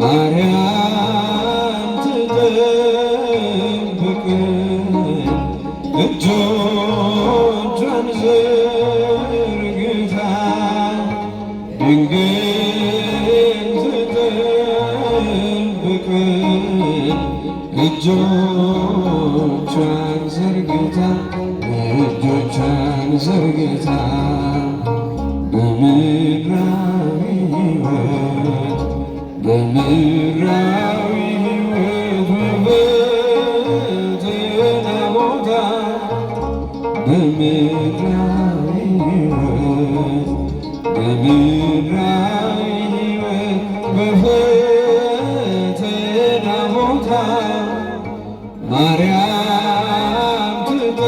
ማርያም ትጠብቅን እጆቿን ዘርግታ ድንግል ትጠብቅን እጆቿን ዘርግታ እጆቿን ዘርግታ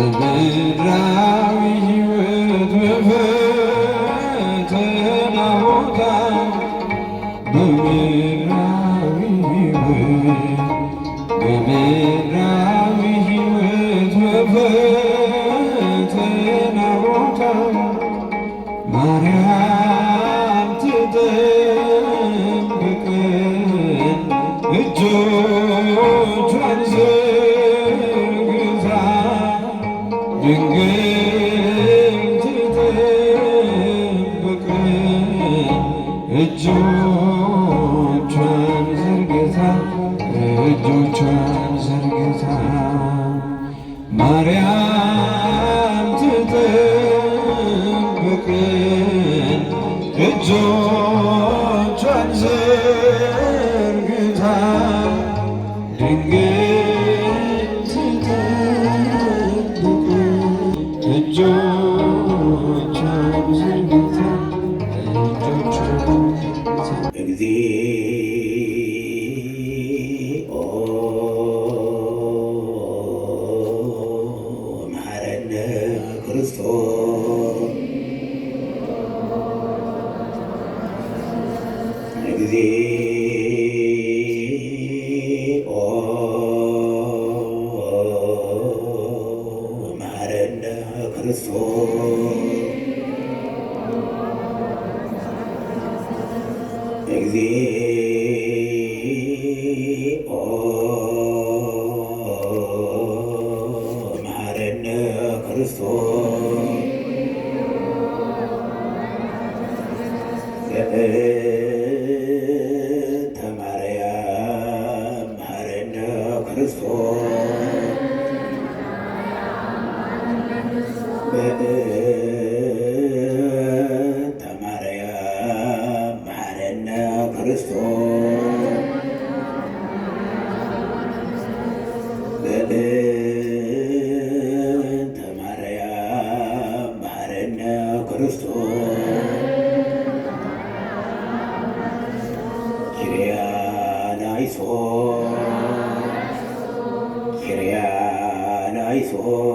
በምድራዊ ሕይወት በፈተና ቦታ በምድራዊ ሕይወት በምድራዊ ሕይወት በፈተና ቦታ ማርያም ትጠብቀን እጆ ፍቅር እጆቿን ዘርግታ ድንግል ስትጠብቅ እጆቿን ዘርግታ እግዚኦ መሐረነ ክርስቶስ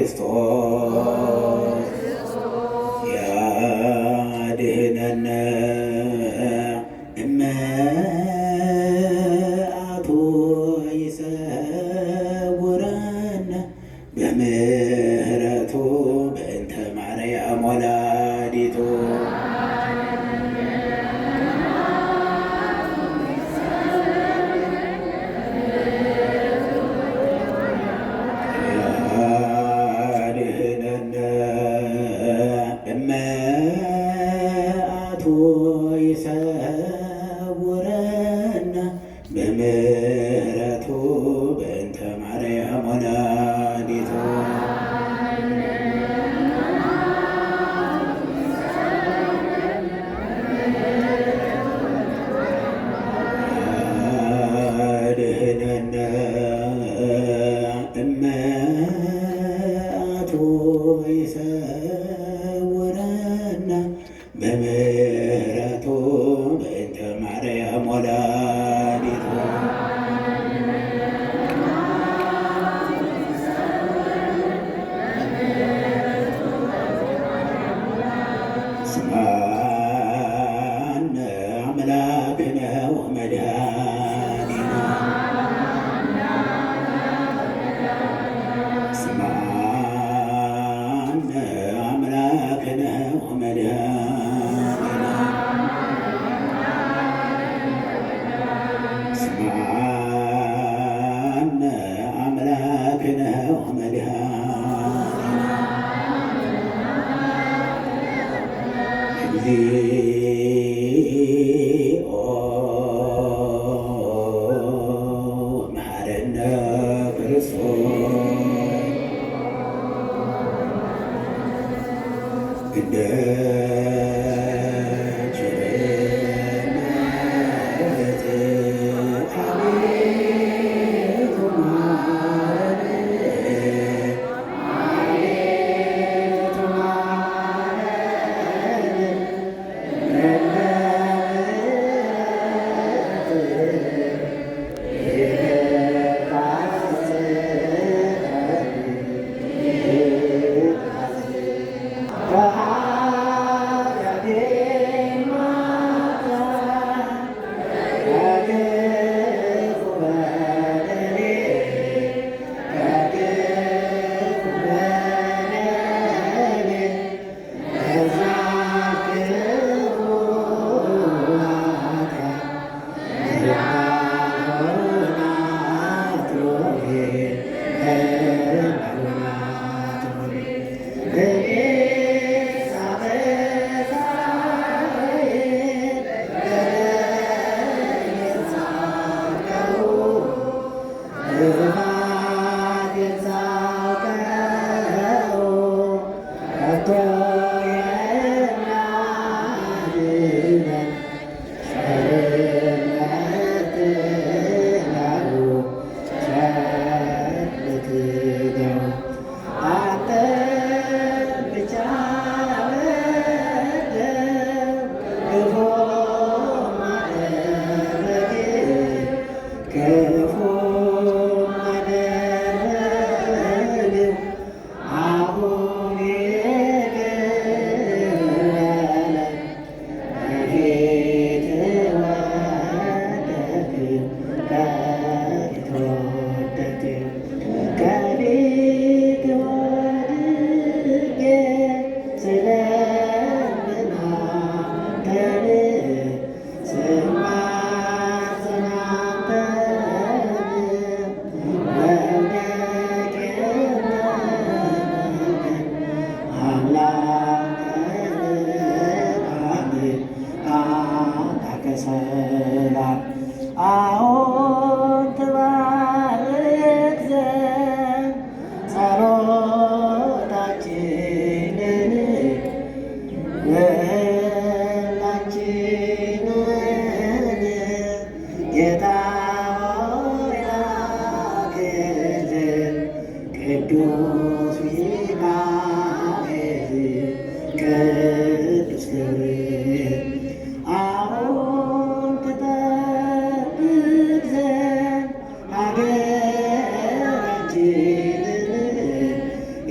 esto እንደ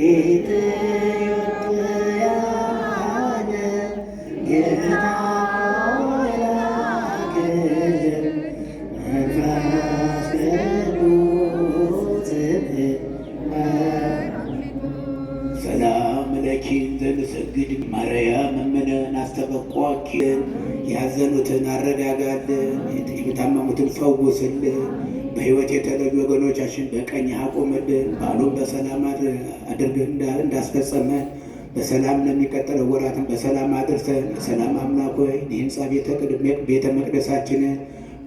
ഏത് ፈውስልን። በህይወት የተለዩ ወገኖቻችን በቀኝ አቁምልን። በዓሉን በሰላም አድርገን እንዳስፈጸመን በሰላም ለሚቀጥለው ወራትን በሰላም አድርሰን ሰላም አምላክ ሆይ የሕንፃ ቤተ መቅደሳችንን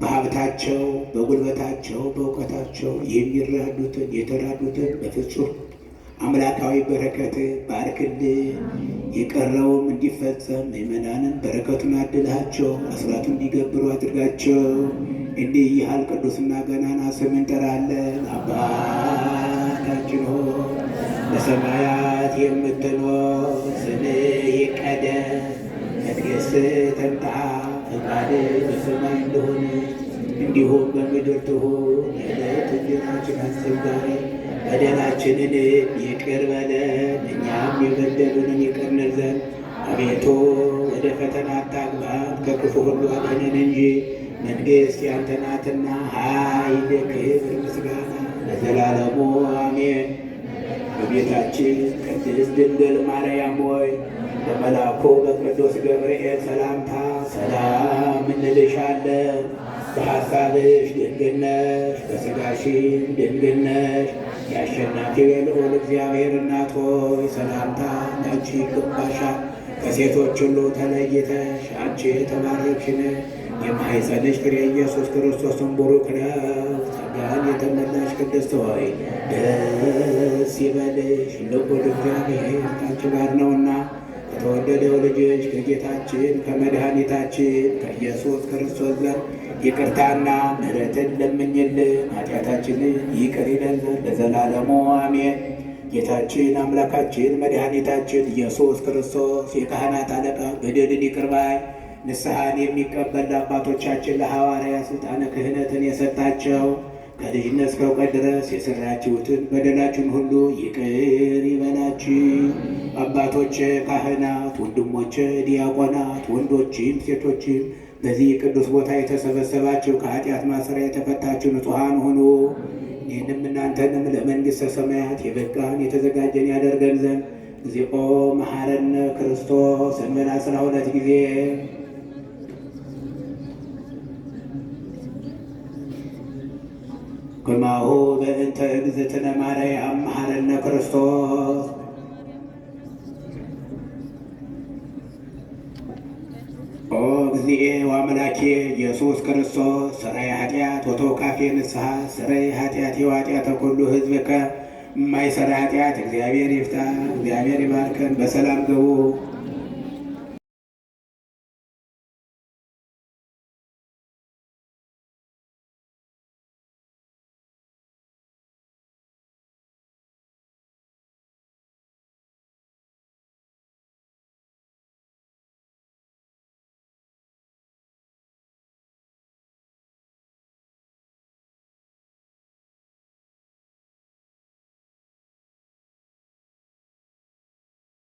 በሀብታቸው፣ በጉልበታቸው፣ በእውቀታቸው የሚራዱትን የተራዱትን በፍጹም አምላካዊ በረከት ባርክልን። የቀረውም እንዲፈጸም ምዕመናንን በረከቱን አድላቸው፣ አስራቱን እንዲገብሩ አድርጋቸው። እንዲህ ያህል ቅዱስና ገናና ስም እንጠራለን። አባታችን ሆይ በሰማያት የምትኖር ስምህ ይቀደስ፣ መንግሥትህ ትምጣ፣ ፈቃድህ በሰማይ እንደሆነች እንዲሁም በምድር ትሁን። የዕለት እንጀራችንን ስጠን ዛሬ፣ በደላችንን ይቅር በለን እኛም የበደሉንን ይቅር እንል ዘንድ አቤቱ ወደ ፈተና አታግባን፣ ከክፉ ሁሉ አድነን እንጂ መንግሥት ያንተ ናትና ኃይል፣ ክብር፣ ምስጋና ለዘላለሙ አሜን። በቤታችን ቅድስት ድንግል ማርያም ሆይ በመልአኩ በቅዱስ ገብርኤል ሰላምታ ሰላም እንልሻለን። በሐሳብሽ ድንግል ነሽ፣ በሥጋሽም ድንግል ነሽ። የአሸናፊ የልዑል እግዚአብሔር እናት ሆይ ሰላምታ ላንቺ ይገባሻል። ከሴቶች ሁሉ ተለይተሽ አንቺ የተባረክሽ ነሽ። የማይጸ ፍሬ ኢየሱስ ክርስቶስን ቡሩክ ነሽ፣ ጸጋን የተመላሽ ቅድስት ሆይ ደስ ይበልሽ፣ ልዑል እግዚአብሔር ካንቺ ጋር ነውና ከተወደደው ልጅሽ ከጌታችን ከመድኃኒታችን ከኢየሱስ ክርስቶስ ጋር ይቅርታና ምሕረትን ለምኝልን ኃጢአታችንን ይቅር ይለን ለዘላለሙ አሜን። ጌታችን አምላካችን መድኃኒታችን ኢየሱስ ክርስቶስ የካህናት አለቃ በደልን ይቅር ባይ ንስሐን የሚቀበል ለአባቶቻችን ለሐዋርያ ሥልጣነ ክህነትን የሰጣቸው ከልጅነት እስከ እውቀት ድረስ የሰራችሁትን በደላችሁን ሁሉ ይቅር ይበላችሁ። አባቶች፣ ካህናት፣ ወንድሞች፣ ዲያቆናት፣ ወንዶችም ሴቶችም በዚህ ቅዱስ ቦታ የተሰበሰባችሁ ከኃጢአት ማሰሪያ የተፈታችሁ ንጹሐን ሁኑ። ይህንም እናንተንም ለመንግሥተ ሰማያት የበቃን የተዘጋጀን ያደርገን ዘንድ እግዚኦ መሐረነ ክርስቶስ እንበል አስራ ሁለት ጊዜ ወማሁ በእንተ እግዝእትነ ማርያም መሐረነ ክርስቶስ ኦ እግዚኤ ወአምላኬ ኢየሱስ ክርስቶስ ስራይ ኃጢአት ወተውቃፌ ንስሐ ስራይ ኃጢአት የኃጢአተ ኩሉ ህዝብከ የማይሰራ ኃጢአት እግዚአብሔር ይፍታ። እግዚአብሔር ይባርከን። በሰላም ግቡ።